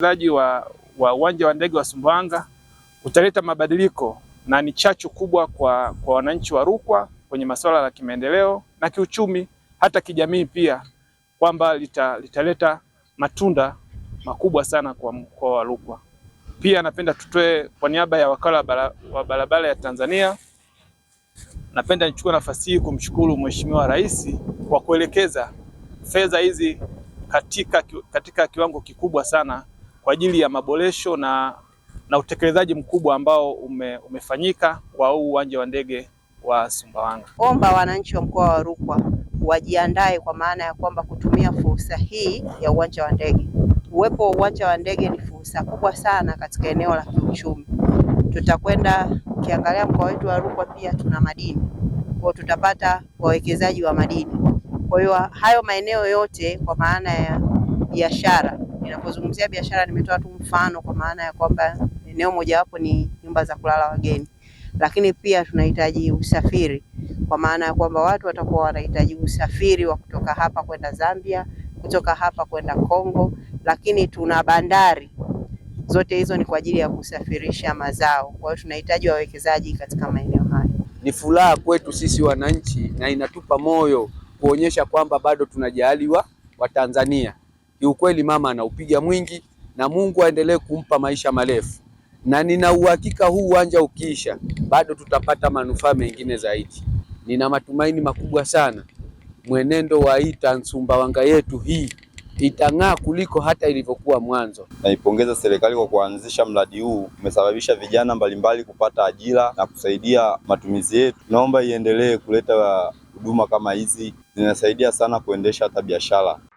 Uwekezaji wa uwanja wa ndege wa Sumbawanga utaleta mabadiliko na ni chachu kubwa kwa, kwa wananchi wa Rukwa kwenye masuala ya kimaendeleo na kiuchumi, hata kijamii pia, kwamba litaleta lita matunda makubwa sana kwa mkoa wa Rukwa. Pia napenda tutoe kwa niaba ya wakala wa barabara ya Tanzania, napenda nichukue nafasi hii kumshukuru Mheshimiwa Rais kwa kuelekeza fedha hizi katika, katika kiwango kikubwa sana kwa ajili ya maboresho na, na utekelezaji mkubwa ambao ume, umefanyika kwa huu uwanja wa ndege wa Sumbawanga. Omba wananchi wa mkoa wa Rukwa wajiandae kwa maana ya kwamba kutumia fursa hii ya uwanja wa ndege. Uwepo wa uwanja wa ndege ni fursa kubwa sana katika eneo la kiuchumi. Tutakwenda ukiangalia mkoa wetu wa Rukwa pia tuna madini, kwa tutapata wawekezaji wa madini. Kwa hiyo hayo maeneo yote kwa maana ya biashara Ninapozungumzia biashara, nimetoa tu mfano kwa maana ya kwamba eneo mojawapo ni nyumba za kulala wageni, lakini pia tunahitaji usafiri kwa maana ya kwamba watu watakuwa wanahitaji usafiri wa kutoka hapa kwenda Zambia, kutoka hapa kwenda Kongo, lakini tuna bandari zote hizo ni kwa ajili ya kusafirisha mazao. Kwa hiyo tunahitaji wawekezaji katika maeneo hayo. Ni furaha kwetu sisi wananchi na inatupa moyo kuonyesha kwamba bado tunajaliwa Watanzania. Kiukweli mama anaupiga mwingi, na Mungu aendelee kumpa maisha marefu, na nina uhakika huu uwanja ukiisha, bado tutapata manufaa mengine zaidi. Nina matumaini makubwa sana mwenendo wa ita Sumbawanga yetu hii itang'aa kuliko hata ilivyokuwa mwanzo. Naipongeza serikali kwa kuanzisha mradi huu, umesababisha vijana mbalimbali kupata ajira na kusaidia matumizi yetu. Naomba iendelee kuleta huduma kama hizi, zinasaidia sana kuendesha hata biashara.